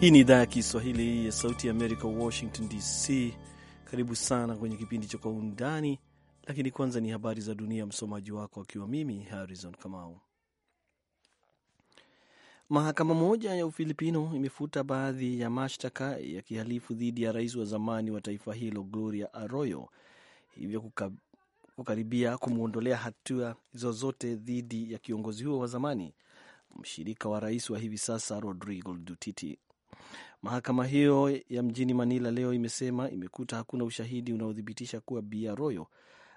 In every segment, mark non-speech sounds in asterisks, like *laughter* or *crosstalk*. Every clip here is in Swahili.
Hii ni idhaa ya Kiswahili ya Sauti ya Amerika, Washington DC. Karibu sana kwenye kipindi cha Kwa Undani, lakini kwanza ni habari za dunia. Msomaji wako akiwa mimi Harrison Kamau. Mahakama moja ya Ufilipino imefuta baadhi ya mashtaka ya kihalifu dhidi ya rais wa zamani wa taifa hilo Gloria Arroyo, hivyo kukaribia kumwondolea hatua zozote dhidi ya kiongozi huo wa zamani, mshirika wa rais wa hivi sasa Rodrigo Duterte. Mahakama hiyo ya mjini Manila leo imesema imekuta hakuna ushahidi unaothibitisha kuwa Bi Arroyo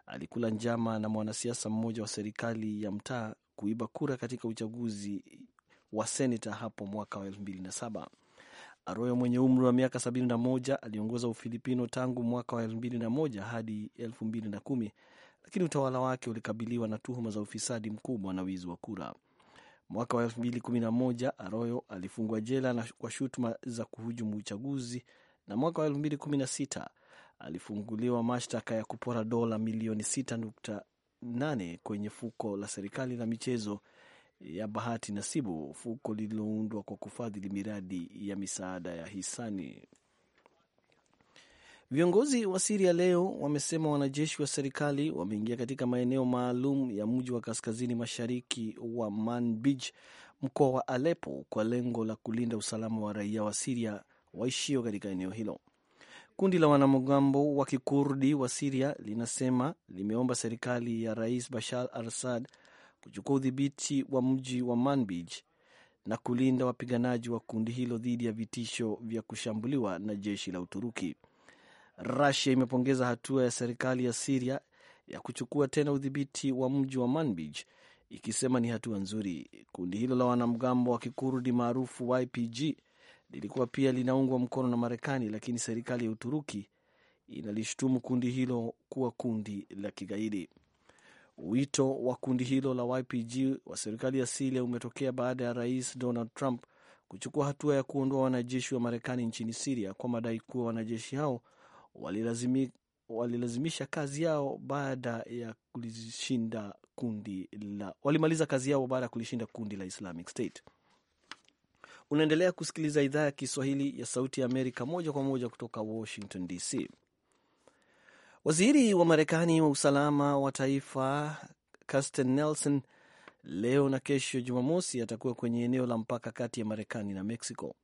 alikula njama na mwanasiasa mmoja wa serikali ya mtaa kuiba kura katika uchaguzi wa senata hapo mwaka wa 2007. Arroyo mwenye umri wa miaka 71 aliongoza Ufilipino tangu mwaka wa 2001 hadi 2010, lakini utawala wake ulikabiliwa na tuhuma za ufisadi mkubwa na wizi wa kura. Mwaka wa 2011 Arroyo alifungwa jela kwa shutuma za kuhujumu uchaguzi na mwaka wa 2016 alifunguliwa mashtaka ya kupora dola milioni 6.8 kwenye fuko la serikali la michezo ya bahati nasibu, fuko lililoundwa kwa kufadhili miradi ya misaada ya hisani. Viongozi wa Siria leo wamesema wanajeshi wa serikali wameingia katika maeneo maalum ya mji wa kaskazini mashariki wa Manbij, mkoa wa Alepo, kwa lengo la kulinda usalama wa raia wa Siria waishio katika eneo hilo. Kundi la wanamgambo wa kikurdi wa Siria linasema limeomba serikali ya Rais Bashar al Assad kuchukua udhibiti wa mji wa Manbij na kulinda wapiganaji wa kundi hilo dhidi ya vitisho vya kushambuliwa na jeshi la Uturuki. Rusia imepongeza hatua ya serikali ya Siria ya kuchukua tena udhibiti wa mji wa Manbij ikisema ni hatua nzuri. Kundi hilo la wanamgambo wa kikurdi maarufu YPG lilikuwa pia linaungwa mkono na Marekani, lakini serikali ya Uturuki inalishutumu kundi hilo kuwa kundi la kigaidi. Wito wa kundi hilo la YPG wa serikali ya Siria umetokea baada ya rais Donald Trump kuchukua hatua ya kuondoa wanajeshi wa Marekani nchini Siria kwa madai kuwa wanajeshi hao walilazimisha kazi yao baada ya kulishinda kundi la walimaliza kazi yao baada ya kulishinda kundi la Islamic State. Unaendelea kusikiliza idhaa ya Kiswahili ya Sauti ya Amerika moja kwa moja kutoka Washington DC. Waziri wa Marekani wa usalama wa taifa Kirsten Nelson leo na kesho Jumamosi atakuwa kwenye eneo la mpaka kati ya Marekani na Mexico.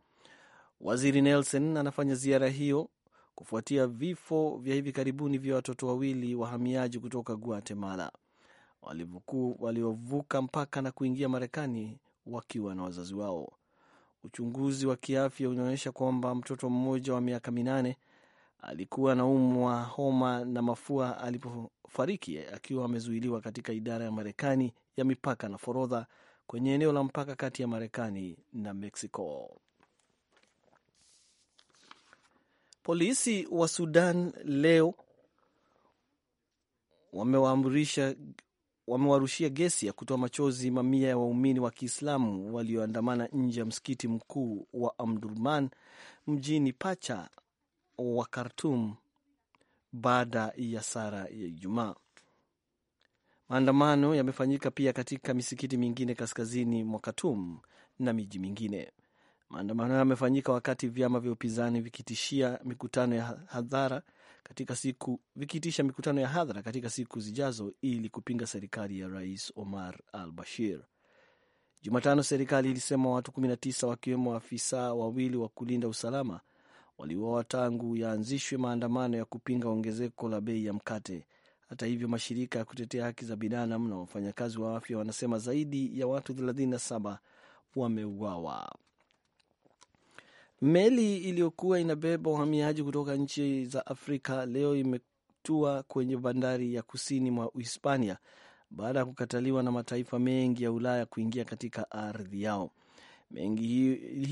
Waziri Nelson anafanya ziara hiyo kufuatia vifo vya hivi karibuni vya watoto wawili wahamiaji kutoka Guatemala waliovuka mpaka na kuingia Marekani wakiwa na wazazi wao. Uchunguzi wa kiafya unaonyesha kwamba mtoto mmoja wa miaka minane alikuwa anaumwa homa na mafua alipofariki akiwa amezuiliwa katika idara ya Marekani ya mipaka na forodha kwenye eneo la mpaka kati ya Marekani na Mexico. Polisi wa Sudan leo wamewarushia gesi ya kutoa machozi mamia ya waumini wa Kiislamu walioandamana nje ya msikiti mkuu wa Amdurman mjini Pacha wa Khartum baada ya sara ya Ijumaa. Maandamano yamefanyika pia katika misikiti mingine kaskazini mwa Khartum na miji mingine. Maandamano hayo yamefanyika wakati vyama vya upinzani vikitishia mikutano ya hadhara katika siku vikiitisha mikutano ya hadhara katika siku zijazo ili kupinga serikali ya Rais Omar al Bashir. Jumatano serikali ilisema watu 19 wakiwemo afisa wawili wa kulinda usalama waliuawa tangu yaanzishwe maandamano ya kupinga ongezeko la bei ya mkate. Hata hivyo, mashirika ya kutetea haki za binadamu na wafanyakazi wa afya wanasema zaidi ya watu 37 wameuawa. Meli iliyokuwa inabeba wahamiaji kutoka nchi za Afrika leo imetua kwenye bandari ya kusini mwa Uhispania baada ya kukataliwa na mataifa mengi ya Ulaya kuingia katika ardhi yao.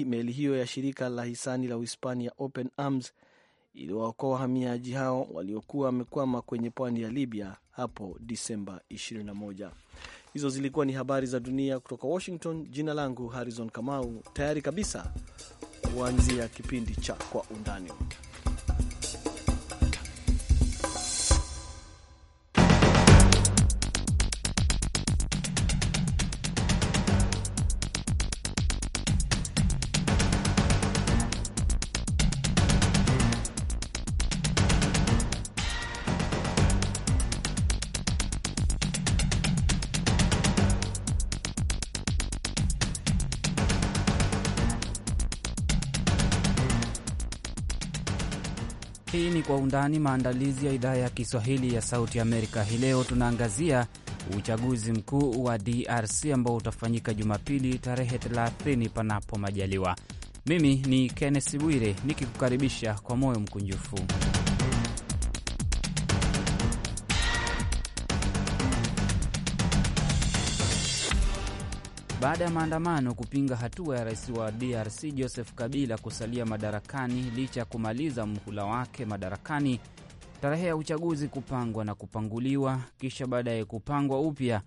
Meli hiyo ya shirika la hisani la Uhispania Open Arms iliwaokoa wahamiaji hao waliokuwa wamekwama kwenye pwani ya Libya hapo Disemba 21. Hizo zilikuwa ni habari za dunia kutoka Washington. Jina langu Harrison Kamau, tayari kabisa kuanzia kipindi cha Kwa Undani. kwa undani maandalizi ya idhaa ya Kiswahili ya Sauti Amerika. Hii leo tunaangazia uchaguzi mkuu wa DRC ambao utafanyika Jumapili tarehe 30 panapo majaliwa. Mimi ni Kenneth Bwire nikikukaribisha kwa moyo mkunjufu. baada ya maandamano kupinga hatua ya rais wa DRC Joseph Kabila kusalia madarakani licha ya kumaliza mhula wake madarakani, tarehe ya uchaguzi kupangwa na kupanguliwa, kisha baadaye kupangwa upya,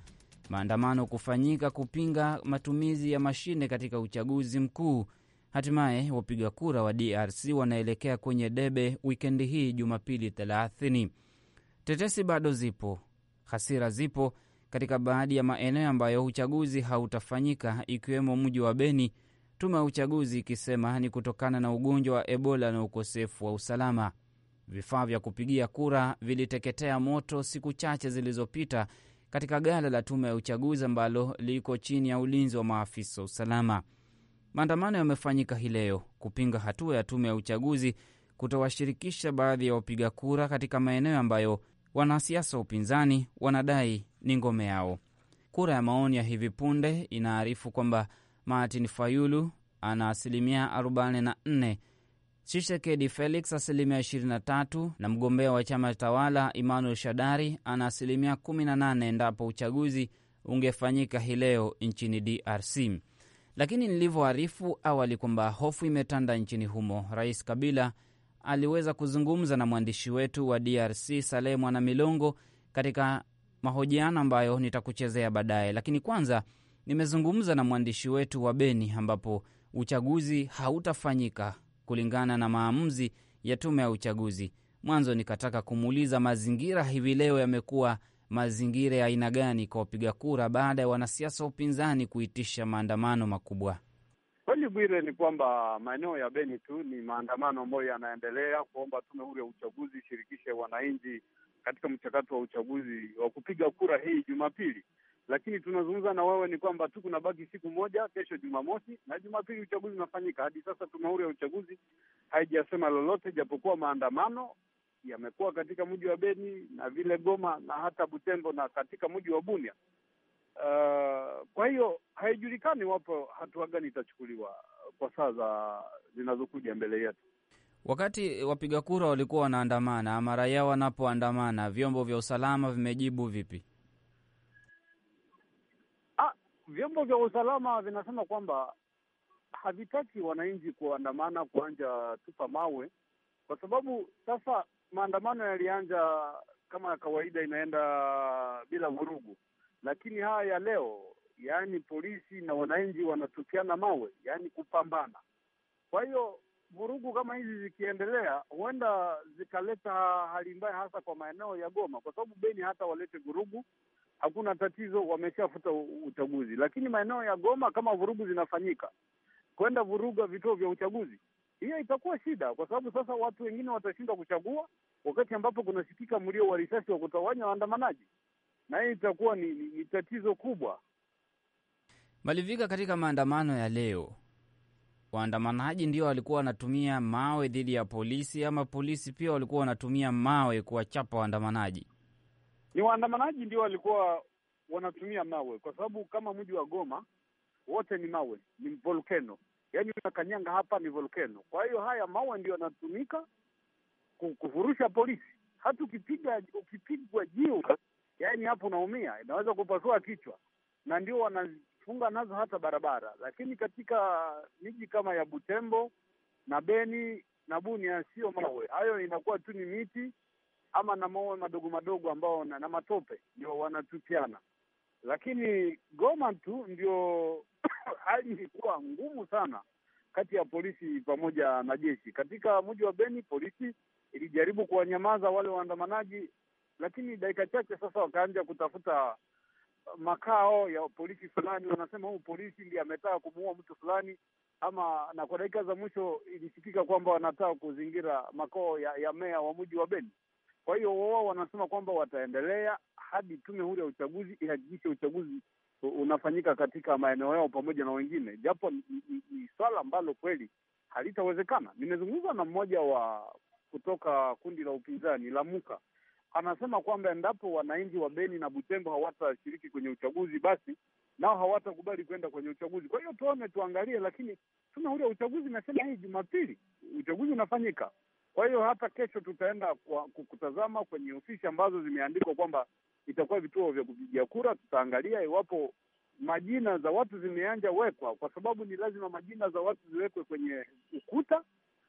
maandamano kufanyika kupinga matumizi ya mashine katika uchaguzi mkuu. Hatimaye wapiga kura wa DRC wanaelekea kwenye debe wikendi hii Jumapili 30. Tetesi bado zipo, hasira zipo katika baadhi ya maeneo ambayo uchaguzi hautafanyika ikiwemo mji wa Beni, tume ya uchaguzi ikisema ni kutokana na ugonjwa wa Ebola na ukosefu wa usalama. Vifaa vya kupigia kura viliteketea moto siku chache zilizopita katika gala la tume ya uchaguzi ambalo liko chini ya ulinzi wa maafisa usalama. Maandamano yamefanyika hii leo kupinga hatua ya tume ya uchaguzi kutowashirikisha baadhi ya wapiga kura katika maeneo ambayo wanasiasa wa upinzani wanadai ni ngome yao. Kura ya maoni ya hivi punde inaarifu kwamba Martin Fayulu ana asilimia 44, Chishekedi Felix asilimia 23, na mgombea wa chama tawala Emmanuel Shadari ana asilimia 18 endapo uchaguzi ungefanyika hii leo nchini DRC. Lakini nilivyoarifu awali kwamba hofu imetanda nchini humo, Rais Kabila aliweza kuzungumza na mwandishi wetu wa DRC Saleh Mwanamilongo Milongo katika mahojiano ambayo nitakuchezea baadaye, lakini kwanza nimezungumza na mwandishi wetu wa Beni ambapo uchaguzi hautafanyika kulingana na maamuzi ya tume ya uchaguzi. Mwanzo nikataka kumuuliza mazingira hivi leo yamekuwa mazingira ya aina gani kwa wapiga kura baada ya wanasiasa wa upinzani kuitisha maandamano makubwa? Kweli Bwire, ni kwamba maeneo ya Beni tu ni maandamano ambayo yanaendelea kuomba tume huru ya uchaguzi ishirikishe wananchi katika mchakato wa uchaguzi wa kupiga kura hii Jumapili, lakini tunazungumza na wewe ni kwamba tu kuna baki siku moja, kesho Jumamosi na Jumapili uchaguzi unafanyika. Hadi sasa tume huru ya uchaguzi haijasema lolote, japokuwa maandamano yamekuwa katika mji wa Beni na vile Goma na hata Butembo na katika mji wa Bunia. Uh, kwa hiyo haijulikani wapo hatua gani itachukuliwa kwa saa za zinazokuja mbele yetu. Wakati wapiga kura walikuwa wanaandamana ama raia wanapoandamana, vyombo vya usalama vimejibu vipi? Ah, vyombo vya usalama vinasema kwamba havitaki wananchi kuandamana kuanja tupa mawe, kwa sababu sasa maandamano yalianja kama kawaida, inaenda bila vurugu, lakini haya ya leo, yaani polisi na wananchi wanatukiana mawe, yaani kupambana. Kwa hiyo vurugu kama hizi zikiendelea, huenda zikaleta hali mbaya, hasa kwa maeneo ya Goma, kwa sababu Beni hata walete vurugu hakuna tatizo, wameshafuta uchaguzi. Lakini maeneo ya Goma kama vurugu zinafanyika, kwenda vuruga vituo vya uchaguzi, hiyo itakuwa shida, kwa sababu sasa watu wengine watashindwa kuchagua, wakati ambapo kunasikika mlio wa risasi wa kutawanya waandamanaji, na hiyo itakuwa ni, ni, ni tatizo kubwa. Malivika, katika maandamano ya leo waandamanaji ndio walikuwa wanatumia mawe dhidi ya polisi ama polisi pia walikuwa wanatumia mawe kuwachapa waandamanaji? Ni waandamanaji ndio walikuwa wanatumia mawe, kwa sababu kama mji wa Goma wote ni mawe, ni volkeno, yaani unakanyanga hapa ni volkeno. Kwa hiyo haya mawe ndio yanatumika kufurusha polisi. Hata ukipiga ukipigwa jiwe, yaani hapo unaumia, inaweza kupasua kichwa, na ndio wana kufunga nazo hata barabara, lakini katika miji kama ya Butembo na Beni na Bunia sio mawe hayo, inakuwa tu ni miti ama na mawe madogo madogo ambao na, na matope ndio wanatupiana, lakini Goma tu ndio *coughs* hali ilikuwa ngumu sana kati ya polisi pamoja na jeshi. Katika mji wa Beni polisi ilijaribu kuwanyamaza wale waandamanaji, lakini dakika chache sasa wakaanza kutafuta makao ya polisi fulani, wanasema huu polisi ndiye ametaka kumuua mtu fulani ama, na kwa dakika za mwisho ilisikika kwamba wanataka kuzingira makao ya, ya meya wa mji wa Beni. Kwa hiyo wao wanasema kwamba wataendelea hadi tume huru ya uchaguzi ihakikishe uchaguzi unafanyika katika maeneo yao pamoja na wengine, japo ni, ni, ni swala ambalo kweli halitawezekana. Nimezungumza na mmoja wa kutoka kundi la upinzani la Muka anasema kwamba endapo wananchi wa Beni na Butembo hawatashiriki kwenye uchaguzi, basi nao hawatakubali kwenda kwenye uchaguzi. Kwa hiyo tuone, tuangalie, lakini tuna ule uchaguzi nasema hii Jumapili uchaguzi unafanyika. Kwa hiyo hata kesho tutaenda kwa kutazama kwenye ofisi ambazo zimeandikwa kwamba itakuwa vituo vya kupigia kura. Tutaangalia iwapo majina za watu zimeanja wekwa, kwa sababu ni lazima majina za watu ziwekwe kwenye ukuta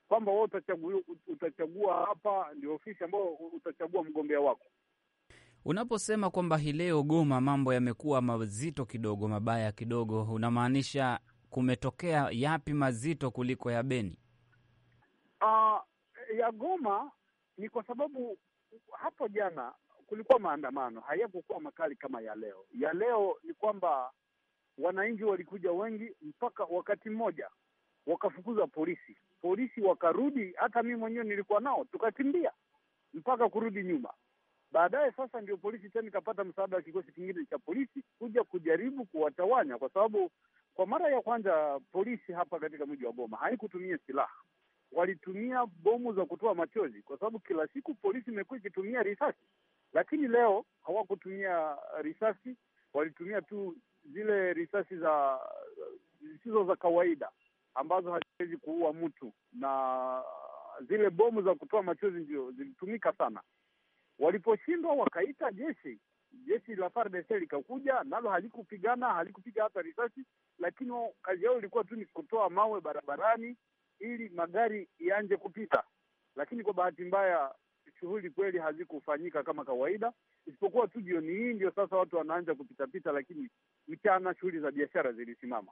kwamba wewe utachagua, utachagua hapa ndio ofisi ambayo utachagua mgombea wako. Unaposema kwamba hii leo Goma mambo yamekuwa mazito kidogo, mabaya kidogo, unamaanisha kumetokea yapi mazito kuliko ya Beni? Uh, ya Goma ni kwa sababu hapo jana kulikuwa maandamano, hayakukuwa makali kama ya leo. Ya leo ni kwamba wananchi walikuja wengi, mpaka wakati mmoja wakafukuza polisi polisi wakarudi, hata mimi mwenyewe nilikuwa nao, tukakimbia mpaka kurudi nyuma. Baadaye sasa ndio polisi tena ikapata msaada wa kikosi kingine cha polisi kuja kujaribu kuwatawanya, kwa sababu kwa mara ya kwanza polisi hapa katika mji wa Goma haikutumia silaha, walitumia bomu za kutoa machozi, kwa sababu kila siku polisi imekuwa ikitumia risasi, lakini leo hawakutumia risasi, walitumia tu zile risasi za zisizo za kawaida ambazo haziwezi kuua mtu, na zile bomu za kutoa machozi ndio zilitumika sana. Waliposhindwa wakaita jeshi, jeshi la FARDC likakuja nalo, halikupigana halikupiga hata risasi, lakini kazi yao ilikuwa tu ni kutoa mawe barabarani ili magari ianje kupita, lakini kwa bahati mbaya shughuli kweli hazikufanyika kama kawaida, isipokuwa tu jioni hii ndio sasa watu wanaanza kupitapita, lakini mchana shughuli za biashara zilisimama.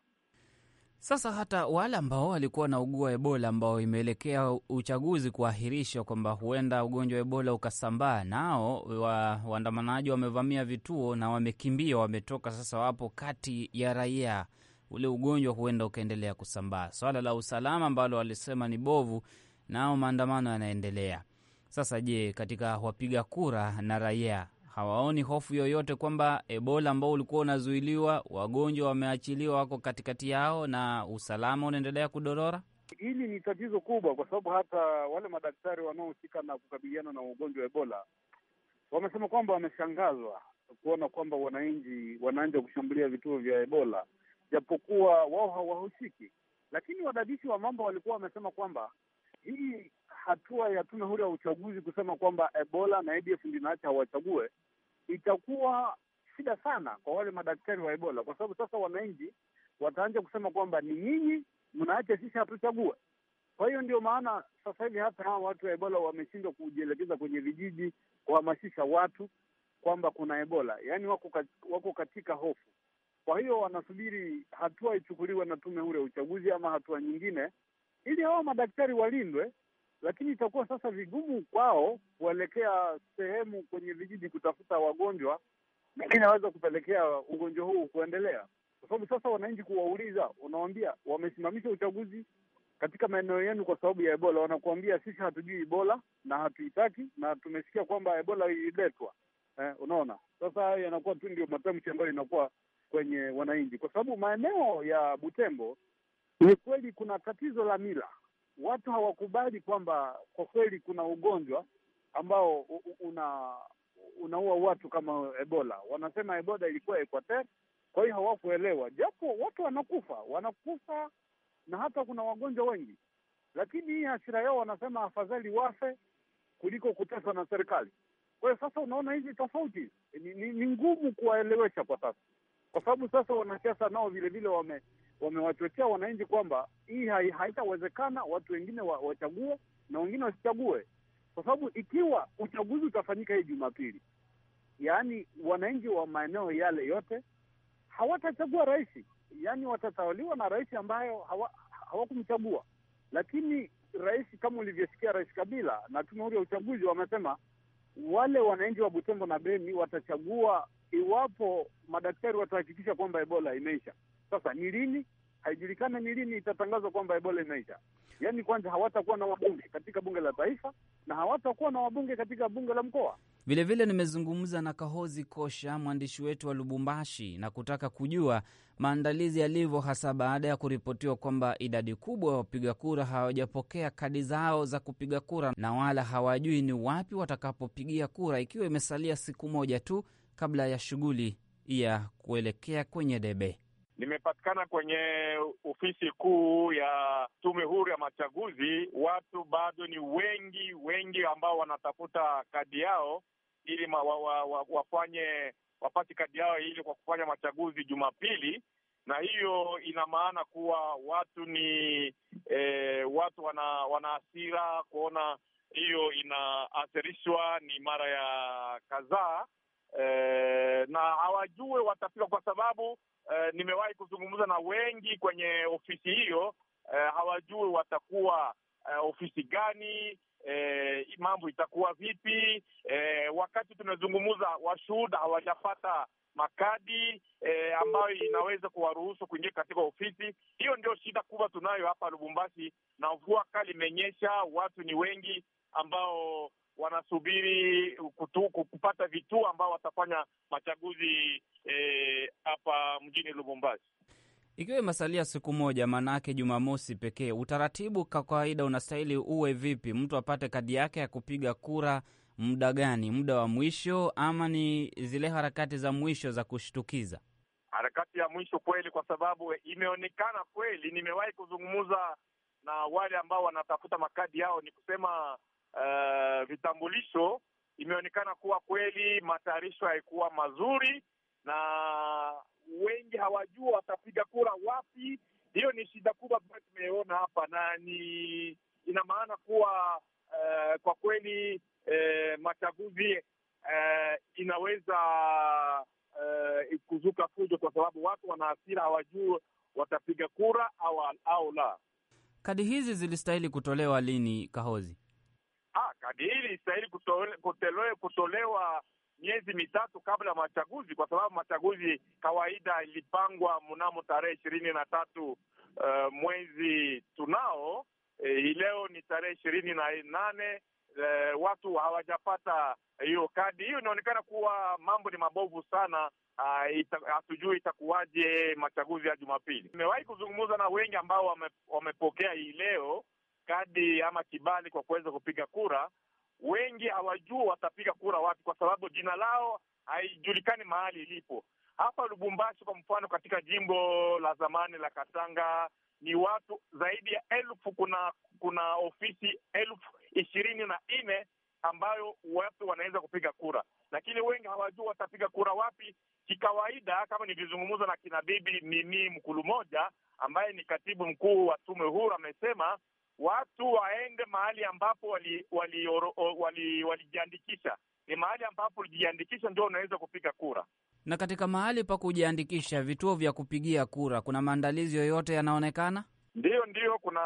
Sasa hata wale ambao walikuwa wanaugua Ebola, ambao imeelekea uchaguzi kuahirishwa kwamba huenda ugonjwa wa Ebola ukasambaa, nao wa, wamevamia vituo na wamekimbia, wametoka sasa, wapo kati ya raia, ule ugonjwa huenda ukaendelea kusambaa. Swala la usalama ambalo walisema ni bovu, nao maandamano yanaendelea. Sasa je, katika wapiga kura na raia hawaoni hofu yoyote kwamba Ebola ambao ulikuwa unazuiliwa, wagonjwa wameachiliwa, wako katikati yao na usalama unaendelea kudorora. Hili ni tatizo kubwa, kwa sababu hata wale madaktari wanaohusika na kukabiliana na ugonjwa wa Ebola wamesema kwamba wameshangazwa kuona kwamba wananchi wanaanza kushambulia vituo vya Ebola, japokuwa wao hawahusiki. Lakini wadadisi wa mambo walikuwa wamesema kwamba hii hatua ya tume huru ya uchaguzi kusema kwamba Ebola na ADF ndinaacha hawachague itakuwa shida sana kwa wale madaktari wa Ebola, kwa sababu sasa wananchi wataanza kusema kwamba ni nyinyi mnaacha sisi hatuchague. Kwa hiyo ndio maana sasa hivi hata hawa watu wa Ebola wameshindwa kujielekeza kwenye vijiji kuhamasisha watu kwamba kuna Ebola, yaani wako katika, wako katika hofu. Kwa hiyo wanasubiri hatua ichukuliwe na tume huru ya uchaguzi ama hatua nyingine, ili hawa madaktari walindwe lakini itakuwa sasa vigumu kwao kuelekea sehemu kwenye vijiji kutafuta wagonjwa, lakini inaweza kupelekea ugonjwa huu kuendelea, kwa sababu sasa wananchi kuwauliza, unawambia wamesimamisha uchaguzi katika maeneo yenu kwa sababu ya Ebola, wanakuambia sisi hatujui Ebola na hatuitaki na tumesikia kwamba Ebola ililetwa. Eh, unaona sasa hayo yanakuwa tu ndio matamshi ambayo inakuwa kwenye wananchi, kwa sababu maeneo ya Butembo ni kweli kuna tatizo la mila watu hawakubali kwamba kwa kweli kuna ugonjwa ambao una unaua watu kama Ebola. Wanasema Ebola ilikuwa Equateur, kwa hiyo hawakuelewa, japo watu wanakufa wanakufa, na hata kuna wagonjwa wengi, lakini hii hasira yao, wanasema afadhali wafe kuliko kuteswa na serikali. Kwa hiyo sasa unaona hizi tofauti ni, ni, ni ngumu kuwaelewesha kwa sasa, kwa sababu sasa wanasiasa nao vilevile wame wamewachochea wananchi kwamba hii haitawezekana, watu wengine wa, wachague na wengine wasichague, kwa sababu ikiwa uchaguzi utafanyika hii Jumapili, yaani wananchi wa maeneo yale yote hawatachagua rais, yaani watatawaliwa na rais ambayo hawakumchagua hawa, lakini rais kama ulivyosikia Rais Kabila na tume huru ya uchaguzi wamesema wale wananchi wa Butembo na Beni watachagua iwapo madaktari watahakikisha kwamba Ebola imeisha. Sasa ni lini haijulikani, ni lini itatangazwa kwamba Ebola imeisha. Yaani kwanza hawatakuwa na wabunge katika bunge la taifa na hawatakuwa na wabunge katika bunge la mkoa. Vilevile nimezungumza na Kahozi Kosha, mwandishi wetu wa Lubumbashi, na kutaka kujua maandalizi yalivyo, hasa baada ya kuripotiwa kwamba idadi kubwa ya wapiga kura hawajapokea kadi zao za kupiga kura na wala hawajui ni wapi watakapopigia kura, ikiwa imesalia siku moja tu kabla ya shughuli ya kuelekea kwenye debe limepatikana kwenye ofisi kuu ya tume huru ya machaguzi. Watu bado ni wengi wengi ambao wanatafuta kadi yao ili ma, wa, wa, wa, wafanye wapate kadi yao ili kwa kufanya machaguzi Jumapili, na hiyo ina maana kuwa watu ni eh, watu wana wana hasira kuona hiyo inaathirishwa ni mara ya kadhaa Eh, na hawajue watafika, kwa sababu eh, nimewahi kuzungumza na wengi kwenye ofisi hiyo, eh, hawajue watakuwa ofisi gani, mambo itakuwa vipi. Wakati tunazungumza washuhuda hawajapata makadi eh, ambayo inaweza kuwaruhusu kuingia katika ofisi hiyo. Ndio shida kubwa tunayo hapa Lubumbashi, na mvua kali imenyesha, watu ni wengi ambao wanasubiri kutu, kupata vituo ambao watafanya machaguzi e, hapa e, mjini Lubumbashi. Ikiwa imesalia siku moja, maanake Jumamosi pekee, utaratibu kwa kawaida unastahili uwe vipi? Mtu apate kadi yake ya kupiga kura muda gani? Muda wa mwisho ama ni zile harakati za mwisho za kushtukiza? Harakati ya mwisho kweli, kwa sababu imeonekana kweli, nimewahi kuzungumza na wale ambao wanatafuta makadi yao, ni kusema uh, vitambulisho, imeonekana kuwa kweli matayarisho haikuwa mazuri na wengi hawajua watapiga kura wapi. Hiyo ni shida kubwa ambayo tumeona hapa, na ni ina maana kuwa uh, kwa kweli uh, machaguzi uh, inaweza uh, kuzuka fujo, kwa sababu watu wana asira hawajua watapiga kura au, au la. Kadi hizi zilistahili kutolewa lini, Kahozi? kadi hili istahili kutole, kutole, kutolewa miezi mitatu kabla ya machaguzi, kwa sababu machaguzi kawaida ilipangwa mnamo tarehe ishirini na tatu uh, mwezi tunao eh, hii uh, leo ni tarehe ishirini na nane e, watu hawajapata hiyo kadi. Hiyo inaonekana kuwa mambo ni mabovu sana. Ah, hatujui uh, ita, itakuwaje machaguzi ya Jumapili. Nimewahi kuzungumza na wengi ambao wame, wamepokea hii leo kadi ama kibali kwa kuweza kupiga kura, wengi hawajua watapiga kura wapi, kwa sababu jina lao haijulikani mahali ilipo. Hapa Lubumbashi kwa mfano, katika jimbo la zamani la Katanga ni watu zaidi ya elfu kuna kuna ofisi elfu ishirini na nne ambayo watu wanaweza kupiga kura, lakini wengi hawajua watapiga kura wapi. Kikawaida, kama nilizungumza na kinabibi Mimi Mkulu moja ambaye ni katibu mkuu wa tume huru, amesema watu waende mahali ambapo walijiandikisha wali, wali, wali ni mahali ambapo ulijiandikisha ndio unaweza kupiga kura. Na katika mahali pa kujiandikisha, vituo vya kupigia kura, kuna maandalizi yoyote yanaonekana? Ndiyo, ndiyo, kuna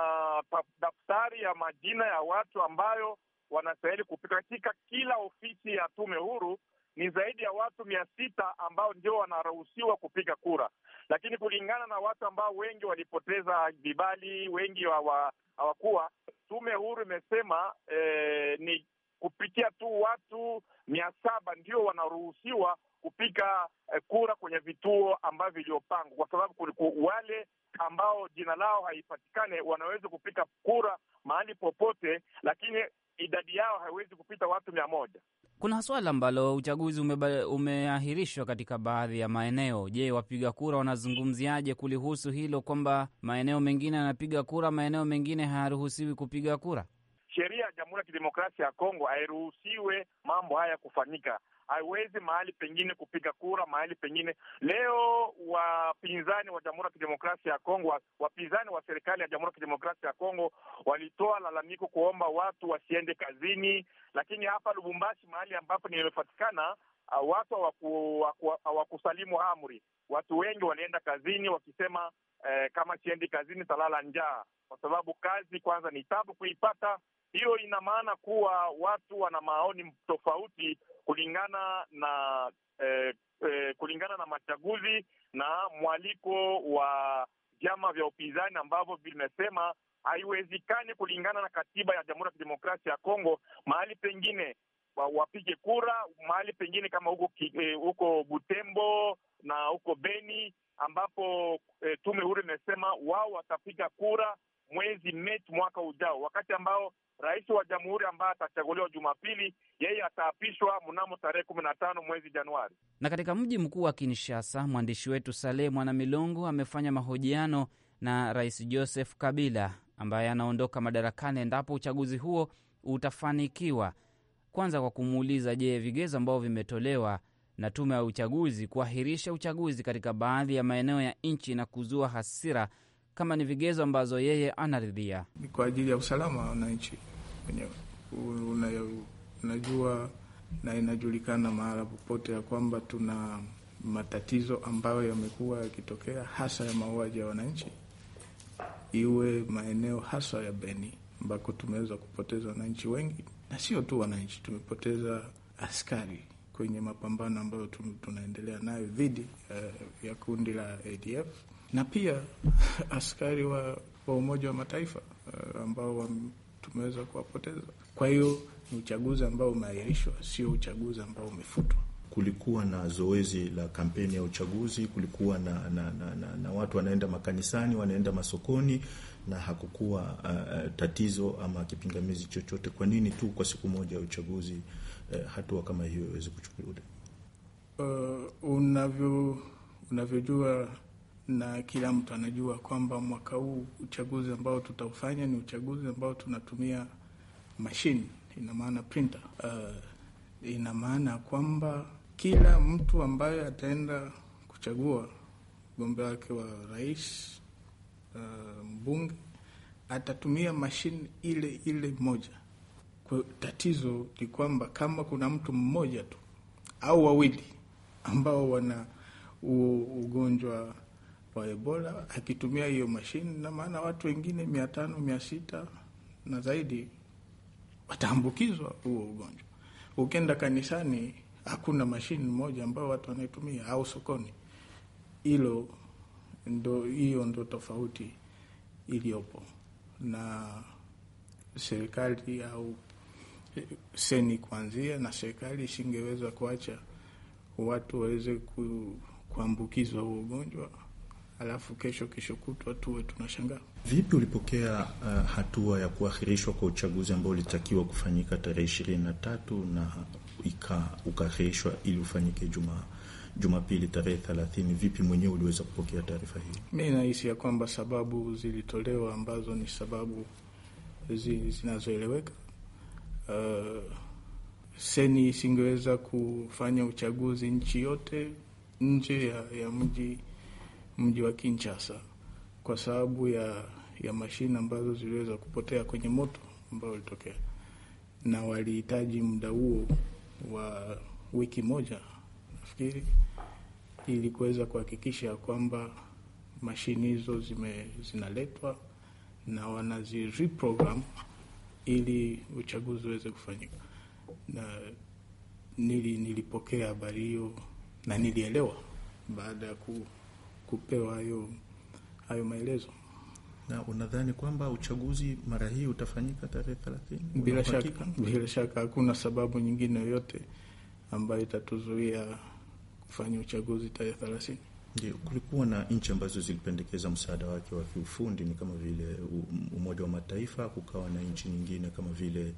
daftari ya majina ya watu ambayo wanastahili kupiga katika kila ofisi ya tume huru. Ni zaidi ya watu mia sita ambao ndio wanaruhusiwa kupiga kura, lakini kulingana na watu ambao wengi walipoteza vibali, wengi hawakuwa wa, tume huru imesema eh, ni kupitia tu watu mia saba ndio wanaruhusiwa kupiga eh, kura kwenye vituo ambavyo viliopangwa, kwa sababu kuliko wale ambao jina lao haipatikane wanaweza kupiga kura mahali popote, lakini idadi yao haiwezi kupita watu mia moja kuna swala ambalo uchaguzi umeahirishwa katika baadhi ya maeneo. Je, wapiga kura wanazungumziaje kulihusu hilo kwamba maeneo mengine yanapiga kura, maeneo mengine hayaruhusiwi kupiga kura? Sheria ya Jamhuri ya Kidemokrasia ya Kongo hairuhusiwe mambo haya kufanyika, haiwezi mahali pengine kupiga kura mahali pengine. Leo wapinzani wa Jamhuri ya Kidemokrasia ya Kongo, wapinzani wa serikali ya Jamhuri ya Kidemokrasia ya Kongo walitoa lalamiko kuomba watu wasiende kazini, lakini hapa Lubumbashi mahali ambapo nimepatikana watu hawakusalimu amri. Watu wengi walienda kazini wakisema eh, kama siendi kazini talala njaa, kwa sababu kazi kwanza ni tabu kuipata. Hiyo ina maana kuwa watu wana maoni tofauti kulingana na eh, eh, kulingana na machaguzi na mwaliko wa vyama vya upinzani ambavyo vimesema haiwezekani kulingana na katiba ya Jamhuri ya Kidemokrasia ya Kongo mahali pengine wapige kura mahali pengine kama huko eh, huko Butembo na huko Beni ambapo eh, tume huru imesema wao watapiga kura mwezi Mei mwaka ujao, wakati ambao rais wa jamhuri ambaye atachaguliwa Jumapili, yeye ataapishwa mnamo tarehe kumi na tano mwezi Januari. Na katika mji mkuu wa Kinshasa, mwandishi wetu Saleh Mwanamilongo amefanya mahojiano na rais Joseph Kabila ambaye anaondoka madarakani endapo uchaguzi huo utafanikiwa. Kwanza kwa kumuuliza, je, vigezo ambavyo vimetolewa na tume ya uchaguzi kuahirisha uchaguzi katika baadhi ya maeneo ya nchi na kuzua hasira kama ni vigezo ambazo yeye anaridhia. Ni kwa ajili ya usalama wa wananchi wenyewe. Unajua na inajulikana mahala popote ya kwamba tuna matatizo ambayo yamekuwa yakitokea hasa ya mauaji ya wananchi, iwe maeneo hasa ya Beni ambako tumeweza kupoteza wananchi wengi, na sio tu wananchi, tumepoteza askari kwenye mapambano ambayo tunaendelea nayo dhidi eh, ya kundi la ADF na pia *laughs* askari wa, wa Umoja wa Mataifa eh, ambao tumeweza kuwapoteza. Kwa hiyo ni uchaguzi ambao umeahirishwa, sio uchaguzi ambao umefutwa. Kulikuwa na zoezi la kampeni ya uchaguzi, kulikuwa na, na, na, na, na watu wanaenda makanisani, wanaenda masokoni na hakukuwa uh, tatizo ama kipingamizi chochote. Kwa nini tu kwa siku moja ya uchaguzi uh, hatua kama hiyo iweze kuchukuliwa? Uh, unavyojua na kila mtu anajua kwamba mwaka huu uchaguzi ambao tutaufanya ni uchaguzi ambao tunatumia mashine, ina maana printer. Uh, ina maana kwamba kila mtu ambaye ataenda kuchagua mgombea wake wa rais, uh, mbunge atatumia mashine ile ile moja. Kwa tatizo ni kwamba kama kuna mtu mmoja tu au wawili ambao wana ugonjwa wa Ebola akitumia hiyo mashine, na maana watu wengine mia tano mia sita na zaidi wataambukizwa huo ugonjwa. Ukienda kanisani hakuna mashine moja ambayo watu wanaitumia au sokoni. Hilo ndo, hiyo ndo tofauti iliyopo, na serikali au seni kuanzia na serikali isingeweza kuacha watu waweze kuambukizwa huo ugonjwa alafu kesho kesho kutwa tuwe tunashangaa. Vipi ulipokea uh, hatua ya kuahirishwa kwa uchaguzi ambao ulitakiwa kufanyika tarehe ishirini na tatu na ukaahirishwa ili ufanyike Jumaa Jumapili tarehe thelathini. Vipi mwenyewe uliweza kupokea taarifa hii? Mi nahisi ya kwamba sababu zilitolewa ambazo ni sababu zinazoeleweka. Uh, seni isingeweza kufanya uchaguzi nchi yote nje ya, ya mji mji wa Kinshasa kwa sababu ya, ya mashine ambazo ziliweza kupotea kwenye moto ambao ulitokea, na walihitaji muda huo wa wiki moja nafikiri, ili kuweza kuhakikisha kwamba mashine hizo zime zinaletwa na wanazi reprogram ili uchaguzi uweze kufanyika na nili, nilipokea habari hiyo na nilielewa baada ya ku kupewa hayo hayo maelezo. Na unadhani kwamba uchaguzi mara hii utafanyika tarehe 30? Bila shaka, bila shaka hakuna sababu nyingine yoyote ambayo itatuzuia kufanya uchaguzi tarehe 30. Ndio, kulikuwa na nchi ambazo zilipendekeza msaada wake wa kiufundi ni kama vile Umoja wa Mataifa, kukawa na nchi nyingine kama vile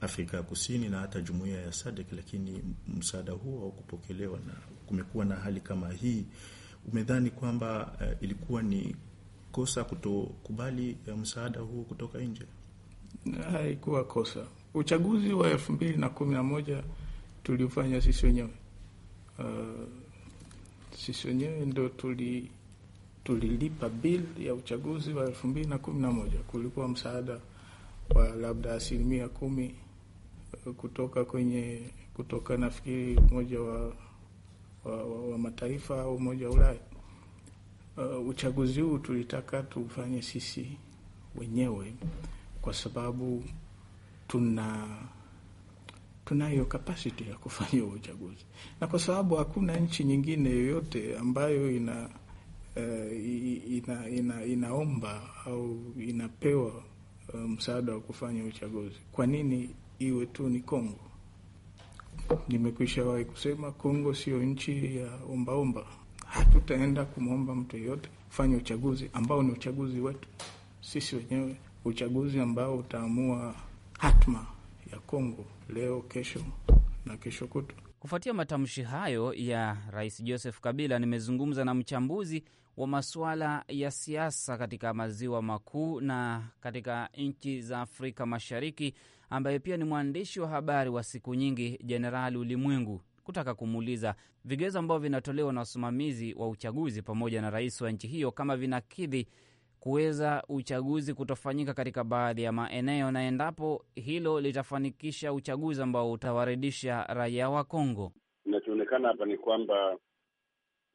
Afrika ya Kusini na hata Jumuiya ya SADC, lakini msaada huo haukupokelewa na kumekuwa na hali kama hii umedhani kwamba uh, ilikuwa ni kosa kutokubali eh, msaada huo kutoka nje? Haikuwa kosa. Uchaguzi wa elfu mbili na kumi na moja tuliufanya sisi wenyewe uh, sisi wenyewe ndo tuli tulilipa bil ya uchaguzi wa elfu mbili na kumi na moja. Kulikuwa msaada wa labda asilimia kumi kutoka kwenye kutoka nafikiri mmoja wa wa, wa, wa Mataifa au Umoja wa Ulaya. Uh, uchaguzi huu tulitaka tufanye sisi wenyewe kwa sababu tuna tunayo kapasiti ya kufanya huo uchaguzi, na kwa sababu hakuna nchi nyingine yoyote ambayo ina, uh, ina, ina inaomba au inapewa uh, msaada um, wa kufanya uchaguzi. Kwa nini iwe tu ni Kongo? Nimekwisha wahi kusema Kongo sio nchi ya ombaomba. Hatutaenda kumwomba mtu yeyote kufanya uchaguzi ambao ni uchaguzi wetu sisi wenyewe, uchaguzi ambao utaamua hatma ya Kongo leo, kesho na kesho kutwa. Kufuatia matamshi hayo ya Rais Joseph Kabila, nimezungumza na mchambuzi wa masuala ya siasa katika maziwa makuu na katika nchi za Afrika Mashariki ambaye pia ni mwandishi wa habari wa siku nyingi, Jenerali Ulimwengu, kutaka kumuuliza vigezo ambavyo vinatolewa na wasimamizi wa uchaguzi pamoja na rais wa nchi hiyo kama vinakidhi kuweza uchaguzi kutofanyika katika baadhi ya maeneo na endapo hilo litafanikisha uchaguzi ambao utawaridisha raia wa Kongo. inachoonekana hapa ni kwamba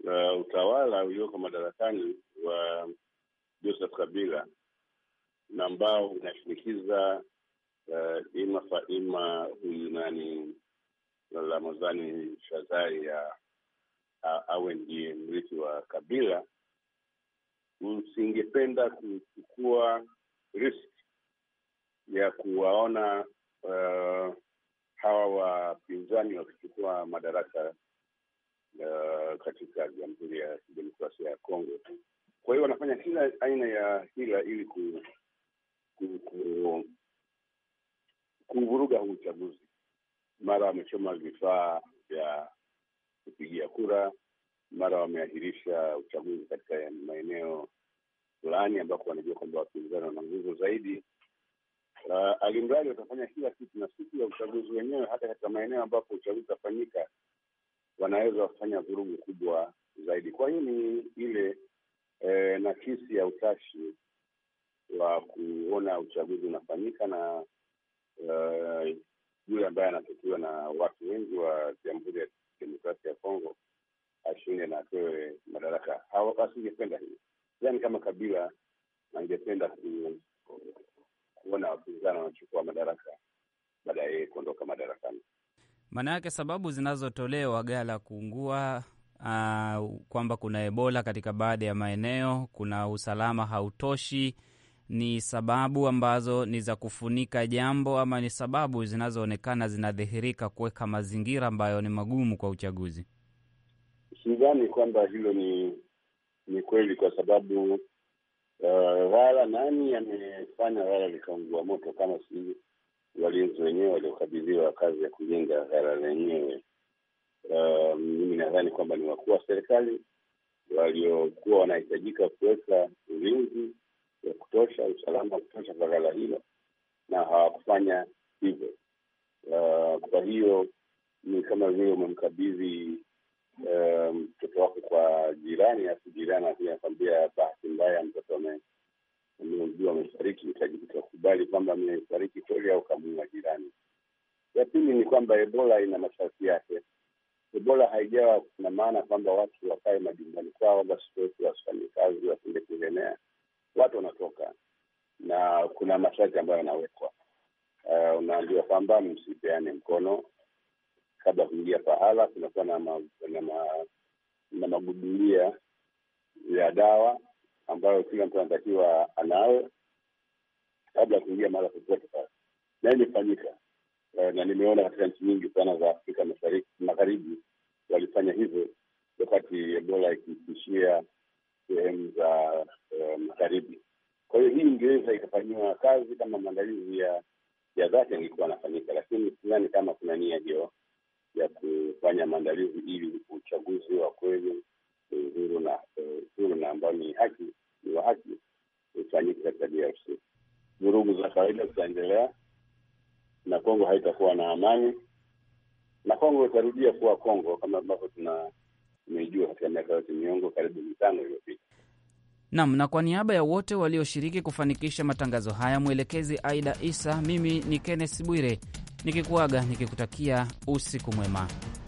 uh, utawala ulioko madarakani wa Joseph Kabila na ambao unashinikiza uh, ima huyu nani Ramazani Shazari ya awe ndiye mrithi wa kabila, usingependa kuchukua risk ya kuwaona uh, hawa wapinzani wakichukua madaraka uh, katika Jamhuri ya Kidemokrasia ya Kongo. Kwa hiyo wanafanya kila aina ya hila ili ku, ku, ku kuvuruga huu uchaguzi. Mara wamechoma vifaa vya kupigia kura, mara wameahirisha uchaguzi katika maeneo fulani ambapo wanajua kwamba wapinzani wana nguvu zaidi. Uh, alimradi watafanya kila kitu, na siku ya uchaguzi wenyewe, hata katika maeneo ambapo uchaguzi utafanyika, wanaweza wakafanya vurugu kubwa zaidi. Kwa hiyo ni ile eh, nakisi ya utashi wa kuona uchaguzi unafanyika na Uh, yule ambaye anatakiwa na watu wengi wa Jamhuri ya Kidemokrasia ya Kongo ashinde na atoe madaraka. Asingependa hiyo, yaani kama Kabila angependa kuona wapinzani wanachukua madaraka baada ya yeye kuondoka madarakani. Maana yake sababu zinazotolewa gala kuungua uh, kwamba kuna Ebola katika baadhi ya maeneo, kuna usalama hautoshi ni sababu ambazo ni za kufunika jambo ama ni sababu zinazoonekana zinadhihirika kuweka mazingira ambayo ni magumu kwa uchaguzi? Sidhani kwamba hilo ni ni kweli kwa sababu uh, nani amefanya wala likaungua moto kama si walinzi wenyewe waliokabidhiwa kazi ya kujenga ghala lenyewe. Uh, mimi nadhani kwamba ni wakuu wa serikali waliokuwa wanahitajika kuweka ulinzi ya kutosha, usalama wa kutosha kwa ghala hilo, na hawakufanya hivyo. Uh, kwa hiyo ni kama vile umemkabidhi uh, mtoto um, wako kwa jirani, afu jirani anakwambia bahati mbaya mtoto amejua amefariki, utajikuta kwamba amefariki kweli au kamuua jirani. Ya pili ni kwamba Ebola ina masharti yake. Ebola haijawa na maana kwamba watu wakae majumbani kwao, basi wasifanye kazi, wasiende kuenea watu wanatoka na kuna masharti ambayo yanawekwa. Uh, unaambiwa kwamba msipeane mkono kabla ya kuingia pahala. Kunakuwa na, ma, na, ma, na magudulia ya dawa ambayo kila mtu anatakiwa anawe kabla ya kuingia mahala popote pale, na imefanyika uh, na nimeona katika nchi nyingi sana za Afrika Mashariki, Magharibi walifanya hivyo wakati Ebola ikiishia sehemu za uh, magharibi. Kwa hiyo hii ingeweza ikafanyiwa kazi kama maandalizi ya ya dhati yangekuwa anafanyika, lakini sidhani kama kuna nia hiyo ya kufanya maandalizi ili uchaguzi wa kweli huru na huru na ambao ni haki ni wa haki ufanyike katika DRC. Vurugu za kawaida zitaendelea na Kongo haitakuwa na amani, na Kongo itarudia kuwa Kongo kama ambavyo tuna tumeijua katika miaka yote miongo karibu mitano iliyopita. Nam na kwa niaba ya wote walioshiriki kufanikisha matangazo haya, mwelekezi Aida Isa, mimi ni Kenneth Bwire nikikuaga nikikutakia usiku mwema.